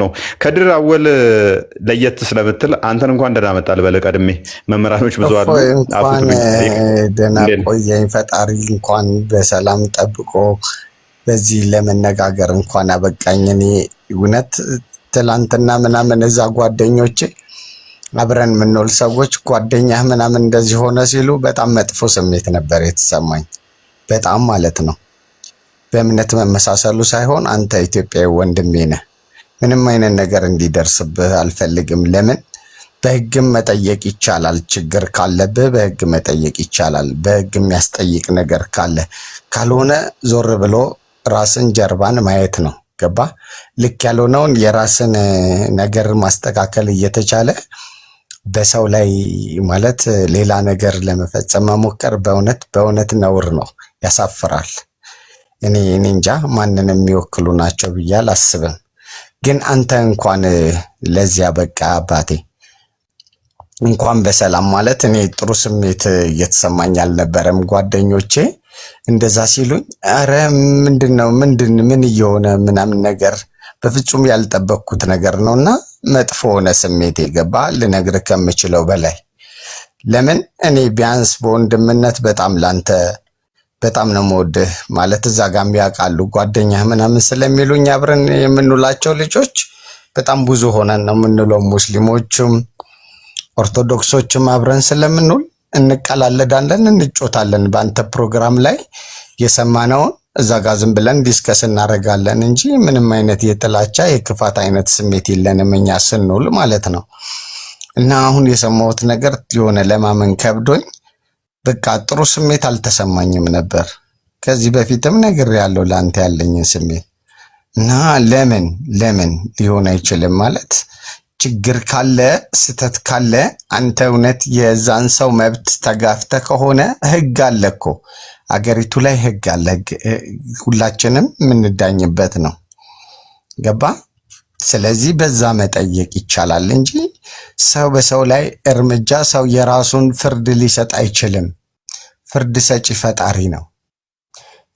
ነው ከድር አወል ለየት ስለምትል አንተን እንኳን ደህና መጣ ቀድሜ መምህራኖች ብዙ አሉ። ደህና ቆየኝ። ፈጣሪ እንኳን በሰላም ጠብቆ በዚህ ለመነጋገር እንኳን አበቃኝ። እኔ እውነት ትላንትና ምናምን እዛ ጓደኞቼ አብረን የምንውል ሰዎች ጓደኛህ ምናምን እንደዚህ ሆነ ሲሉ በጣም መጥፎ ስሜት ነበር የተሰማኝ። በጣም ማለት ነው በእምነት መመሳሰሉ ሳይሆን አንተ ኢትዮጵያዊ ወንድሜ ነህ ምንም አይነት ነገር እንዲደርስብህ አልፈልግም። ለምን በህግም መጠየቅ ይቻላል። ችግር ካለብህ በህግ መጠየቅ ይቻላል። በህግ የሚያስጠይቅ ነገር ካለ፣ ካልሆነ ዞር ብሎ ራስን ጀርባን ማየት ነው። ገባ? ልክ ያልሆነውን የራስን ነገር ማስተካከል እየተቻለ በሰው ላይ ማለት ሌላ ነገር ለመፈጸም መሞከር በእውነት በእውነት ነውር ነው፣ ያሳፍራል። እኔ እኔ እንጃ ማንን የሚወክሉ ናቸው ብዬ አላስብም። ግን አንተ እንኳን ለዚያ በቃ አባቴ እንኳን በሰላም ማለት እኔ ጥሩ ስሜት እየተሰማኝ አልነበረም። ጓደኞቼ እንደዛ ሲሉኝ አረ ምንድን ነው ምንድን ምን እየሆነ ምናምን ነገር በፍጹም ያልጠበቅኩት ነገር ነው እና መጥፎ ሆነ ስሜት የገባ ልነግርህ ከምችለው በላይ ለምን እኔ ቢያንስ በወንድምነት በጣም ላንተ በጣም ነው የምወድህ ማለት እዛ ጋር ጓደኛ ጓደኛህ ምናምን ስለሚሉኝ አብረን የምንውላቸው ልጆች በጣም ብዙ ሆነን ነው የምንውለው። ሙስሊሞችም ኦርቶዶክሶችም አብረን ስለምንውል እንቀላለዳለን፣ እንጮታለን። በአንተ ፕሮግራም ላይ የሰማነውን እዛ ጋ ዝም ብለን ዲስከስ እናደርጋለን እንጂ ምንም አይነት የጥላቻ የክፋት አይነት ስሜት የለንም እኛ ስንውል ማለት ነው። እና አሁን የሰማሁት ነገር የሆነ ለማመን ከብዶኝ በቃ ጥሩ ስሜት አልተሰማኝም ነበር። ከዚህ በፊትም ያለው ለአንተ ያለኝን ስሜት እና ለምን ለምን ሊሆን አይችልም ማለት ችግር ካለ ስተት ካለ አንተ እውነት የዛን ሰው መብት ተጋፍተ ከሆነ ህግ አለ እኮ አገሪቱ ላይ ህግ አለ። ሁላችንም የምንዳኝበት ነው። ገባ? ስለዚህ በዛ መጠየቅ ይቻላል እንጂ ሰው በሰው ላይ እርምጃ ሰው የራሱን ፍርድ ሊሰጥ አይችልም። ፍርድ ሰጪ ፈጣሪ ነው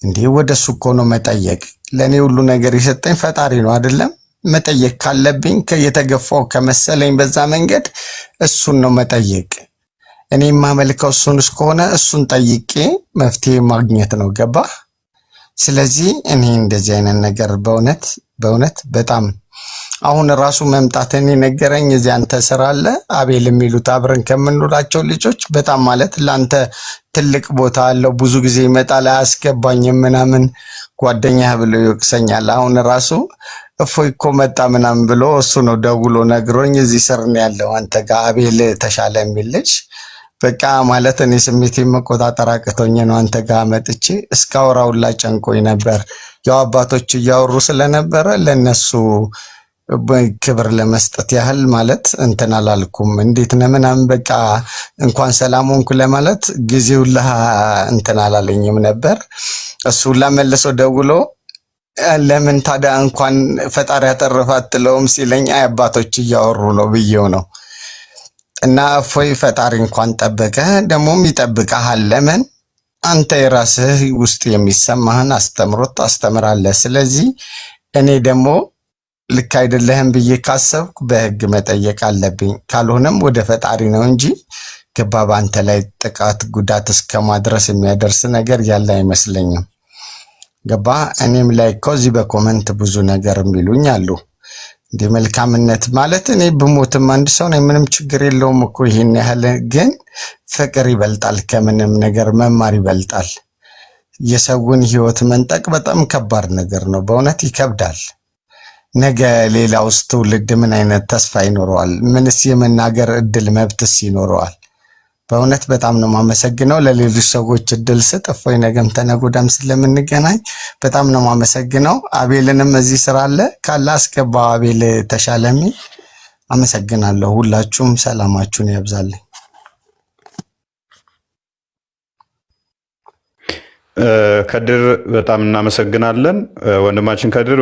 እንዴ? ወደ እሱ እኮ ነው መጠየቅ። ለእኔ ሁሉ ነገር የሰጠኝ ፈጣሪ ነው አይደለም? መጠየቅ ካለብኝ የተገፋው ከመሰለኝ በዛ መንገድ እሱን ነው መጠየቅ። እኔ የማመልከው እሱን እስከሆነ እሱን ጠይቄ መፍትሄ ማግኘት ነው። ገባ? ስለዚህ እኔ እንደዚህ አይነት ነገር በእውነት በእውነት በጣም አሁን ራሱ መምጣትን የነገረኝ እዚያ አንተ ስራ አለ አቤል የሚሉት አብረን ከምንውላቸው ልጆች በጣም ማለት ለአንተ ትልቅ ቦታ አለው። ብዙ ጊዜ ይመጣል አያስገባኝም ምናምን ጓደኛህ ብሎ ይወቅሰኛል። አሁን ራሱ እፎይ እኮ መጣ ምናምን ብሎ እሱ ነው ደውሎ ነግሮኝ እዚህ ስር ነው ያለው አንተ ጋር አቤል ተሻለ የሚል ልጅ በቃ ማለት እኔ ስሜት መቆጣጠር አቅቶኝ ነው አንተ ጋር መጥቼ እስካወራውላ ጨንቆኝ ነበር። ያው አባቶች እያወሩ ስለነበረ ለነሱ ክብር ለመስጠት ያህል ማለት እንትን አላልኩም። እንዴት ነህ ምናምን በቃ እንኳን ሰላም ሆንኩ ለማለት ጊዜው ላ እንትን አላለኝም ነበር። እሱ ላመለሰው ደውሎ ለምን ታዲያ እንኳን ፈጣሪ ያተረፈ አትለውም ሲለኝ አይ አባቶች እያወሩ ነው ብዬው ነው። እና እፎይ ፈጣሪ እንኳን ጠበቀ፣ ደግሞም ይጠብቀሃል። ለምን አንተ የራስህ ውስጥ የሚሰማህን አስተምሮት አስተምራለህ። ስለዚህ እኔ ደግሞ ልክ አይደለህም ብዬ ካሰብኩ በህግ መጠየቅ አለብኝ። ካልሆነም ወደ ፈጣሪ ነው እንጂ ገባ በአንተ ላይ ጥቃት፣ ጉዳት እስከ ማድረስ የሚያደርስ ነገር ያለ አይመስለኝም። ገባ እኔም ላይ እኮ እዚህ በኮመንት ብዙ ነገር የሚሉኝ አሉ። እንዲህ መልካምነት ማለት እኔ ብሞትም አንድ ሰው ነኝ፣ ምንም ችግር የለውም እኮ ይህን ያህል ግን ፍቅር ይበልጣል፣ ከምንም ነገር መማር ይበልጣል። የሰውን ህይወት መንጠቅ በጣም ከባድ ነገር ነው። በእውነት ይከብዳል። ነገ ሌላ ውስጥ ትውልድ ምን አይነት ተስፋ ይኖረዋል? ምንስ የመናገር እድል መብትስ ይኖረዋል? በእውነት በጣም ነው ማመሰግነው። ለሌሎች ሰዎች እድል ስጥ። እፎይ ነገም ተነጎዳም ስለምንገናኝ በጣም ነው ማመሰግነው። አቤልንም እዚህ ስራ አለ ካለ አስገባው። አቤል ተሻለ አመሰግናለሁ። ሁላችሁም ሰላማችሁን ያብዛልኝ። ከድር በጣም እናመሰግናለን ወንድማችን ከድር።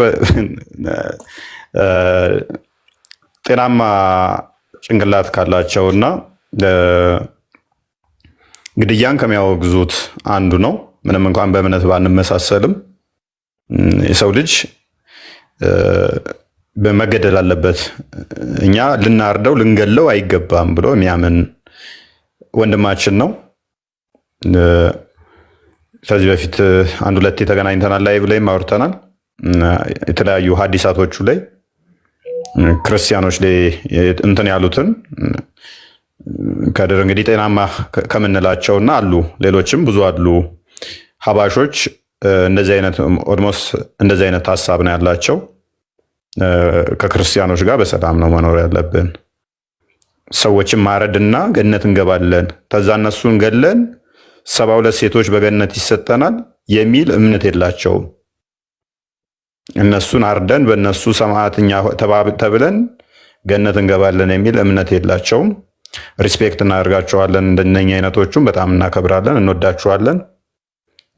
ጤናማ ጭንቅላት ካላቸው እና ግድያን ከሚያወግዙት አንዱ ነው። ምንም እንኳን በእምነት ባንመሳሰልም የሰው ልጅ መገደል አለበት፣ እኛ ልናርደው ልንገለው አይገባም ብሎ የሚያምን ወንድማችን ነው። ከዚህ በፊት አንድ ሁለቴ ተገናኝተናል። ላይቭ ላይም አውርተናል። የተለያዩ ሀዲሳቶቹ ላይ ክርስቲያኖች ላይ እንትን ያሉትን ከድር እንግዲህ ጤናማ ከምንላቸው እና አሉ ሌሎችም ብዙ አሉ። ሀባሾች እንደዚህ አይነት እንደዚህ አይነት ሀሳብ ነው ያላቸው። ከክርስቲያኖች ጋር በሰላም ነው መኖር ያለብን። ሰዎችን ማረድና ገነት እንገባለን። ከዛ እነሱን ገለን ሰባ ሁለት ሴቶች በገነት ይሰጠናል የሚል እምነት የላቸውም። እነሱን አርደን በእነሱ ሰማዕትኛ ተብለን ገነት እንገባለን የሚል እምነት የላቸውም። ሪስፔክት እናደርጋችኋለን። እንደነኛ አይነቶቹም በጣም እናከብራለን፣ እንወዳችኋለን፣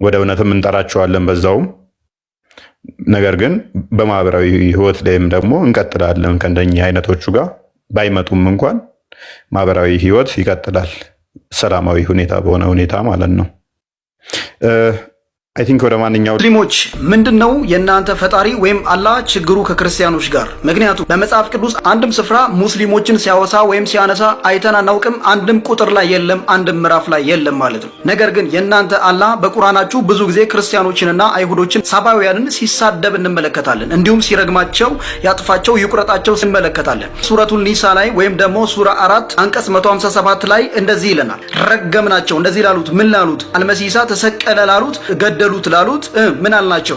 ወደ እውነትም እንጠራችኋለን በዛውም ነገር ግን በማህበራዊ ህይወት ላይም ደግሞ እንቀጥላለን። ከእንደኛ አይነቶቹ ጋር ባይመጡም እንኳን ማህበራዊ ህይወት ይቀጥላል። ሰላማዊ ሁኔታ በሆነ ሁኔታ ማለት ነው። አይ ቲንክ ወደ ማንኛው ሙስሊሞች ምንድን ነው የእናንተ ፈጣሪ ወይም አላህ ችግሩ ከክርስቲያኖች ጋር? ምክንያቱም በመጽሐፍ ቅዱስ አንድም ስፍራ ሙስሊሞችን ሲያወሳ ወይም ሲያነሳ አይተን አናውቅም። አንድም ቁጥር ላይ የለም፣ አንድም ምዕራፍ ላይ የለም ማለት ነው። ነገር ግን የእናንተ አላህ በቁርአናችሁ ብዙ ጊዜ ክርስቲያኖችንና አይሁዶችን ሳባውያንን ሲሳደብ እንመለከታለን። እንዲሁም ሲረግማቸው፣ ያጥፋቸው፣ ይቁረጣቸው እንመለከታለን። ሱረቱል ኒሳ ላይ ወይም ደግሞ ሱራ አራት አንቀጽ 157 ላይ እንደዚህ ይለናል። ረገምናቸው። እንደዚህ ላሉት ምን ላሉት? አልመሲሳ ተሰቀለ ላሉት ገደ ገደሉት ላሉት ምን አልናቸው?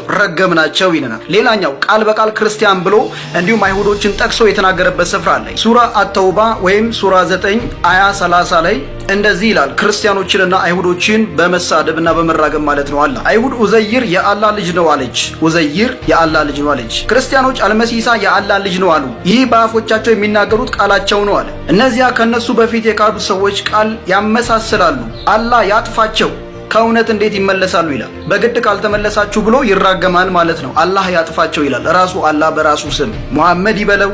ናቸው ይለናል። ሌላኛው ቃል በቃል ክርስቲያን ብሎ እንዲሁም አይሁዶችን ጠቅሶ የተናገረበት ስፍራ አለ። ሱራ አተውባ ወይም ሱራ 9 አያ 30 ላይ እንደዚህ ይላል። ክርስቲያኖችንና አይሁዶችን በመሳደብና በመራገም ማለት ነው አላ አይሁድ ኡዘይር የአላ ልጅ ነው አለች። ኡዘይር የአላ ልጅ ነው አለች። ክርስቲያኖች አልመሲሳ የአላ ልጅ ነው አሉ። ይህ በአፎቻቸው የሚናገሩት ቃላቸው ነው አለ። እነዚያ ከነሱ በፊት የካዱ ሰዎች ቃል ያመሳስላሉ። አላ ያጥፋቸው ከእውነት እንዴት ይመለሳሉ ይላል። በግድ ካልተመለሳችሁ ብሎ ይራገማል ማለት ነው። አላህ ያጥፋቸው ይላል ራሱ አላህ በራሱ ስም ሙሐመድ ይበለው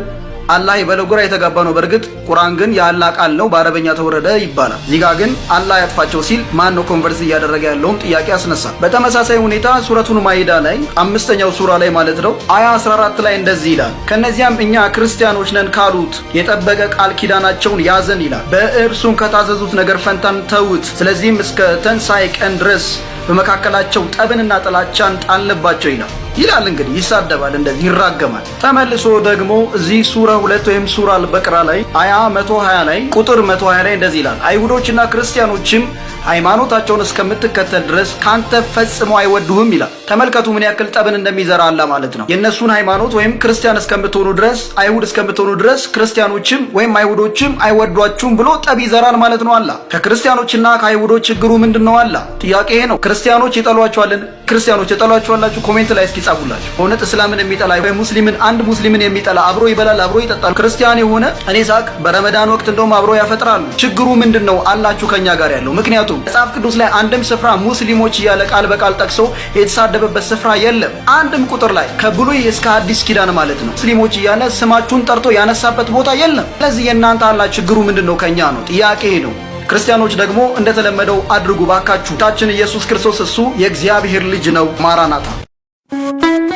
አላህ ይበለው ግራ የተጋባ ነው። በእርግጥ ቁርአን ግን የአላህ ቃል ነው፣ በአረበኛ ተወረደ ይባላል። እዚህ ግን አላህ ያጥፋቸው ሲል ማን ነው ኮንቨርስ እያደረገ ያለውም ጥያቄ ያስነሳል። በተመሳሳይ ሁኔታ ሱረቱን ማይዳ ላይ አምስተኛው ሱራ ላይ ማለት ነው አያ 14 ላይ እንደዚህ ይላል፣ ከነዚያም እኛ ክርስቲያኖች ነን ካሉት የጠበቀ ቃል ኪዳናቸውን ያዘን ይላል። በእርሱም ከታዘዙት ነገር ፈንታን ተውት። ስለዚህም እስከ ተንሳኤ ቀን ድረስ በመካከላቸው ጠብንና ጥላቻን ጣልንባቸው ይላል። ይላል እንግዲህ ይሳደባል፣ እንደዚህ ይራገማል። ተመልሶ ደግሞ እዚህ ሱራ ሁለት ወይም ሱራ አልበቅራ ላይ አያ 120 ላይ ቁጥር 120 ላይ እንደዚህ ይላል፣ አይሁዶችና ክርስቲያኖችም ሃይማኖታቸውን እስከምትከተል ድረስ ካንተ ፈጽሞ አይወዱህም ይላል። ተመልከቱ ምን ያክል ጠብን እንደሚዘራ አለ ማለት ነው። የእነሱን ሃይማኖት ወይም ክርስቲያን እስከምትሆኑ ድረስ አይሁድ እስከምትሆኑ ድረስ ክርስቲያኖችም ወይም አይሁዶችም አይወዷችሁም ብሎ ጠብ ይዘራል ማለት ነው። አላ ከክርስቲያኖችና ከአይሁዶች ችግሩ ምንድን ነው? አላ ጥያቄ ነው። ክርስቲያኖች ይጠሏቸዋልን? ክርስቲያኖች ይጠሏቸዋላችሁ? ኮሜንት ላይ እስኪ ይጻፉላችሁ። በእውነት እስላምን የሚጠላ ሙስሊምን አንድ ሙስሊምን የሚጠላ አብሮ ይበላል፣ አብሮ ይጠጣል። ክርስቲያን የሆነ እኔ ሳቅ በረመዳን ወቅት እንደውም አብሮ ያፈጥራሉ። ችግሩ ምንድን ነው አላችሁ ከኛ ጋር ያለው ምክንያቱም መጽሐፍ ቅዱስ ላይ አንድም ስፍራ ሙስሊሞች እያለ ቃል በቃል ጠቅሰው የተሳደበበት ስፍራ የለም። አንድም ቁጥር ላይ ከብሉይ እስከ አዲስ ኪዳን ማለት ነው ሙስሊሞች እያለ ስማችሁን ጠርቶ ያነሳበት ቦታ የለም። ስለዚህ የእናንተ አላ ችግሩ ምንድን ነው ከኛ ነው ጥያቄ ነው። ክርስቲያኖች ደግሞ እንደተለመደው አድርጉ ባካችሁ። ታችን ኢየሱስ ክርስቶስ እሱ የእግዚአብሔር ልጅ ነው። ማራናታ Thank you.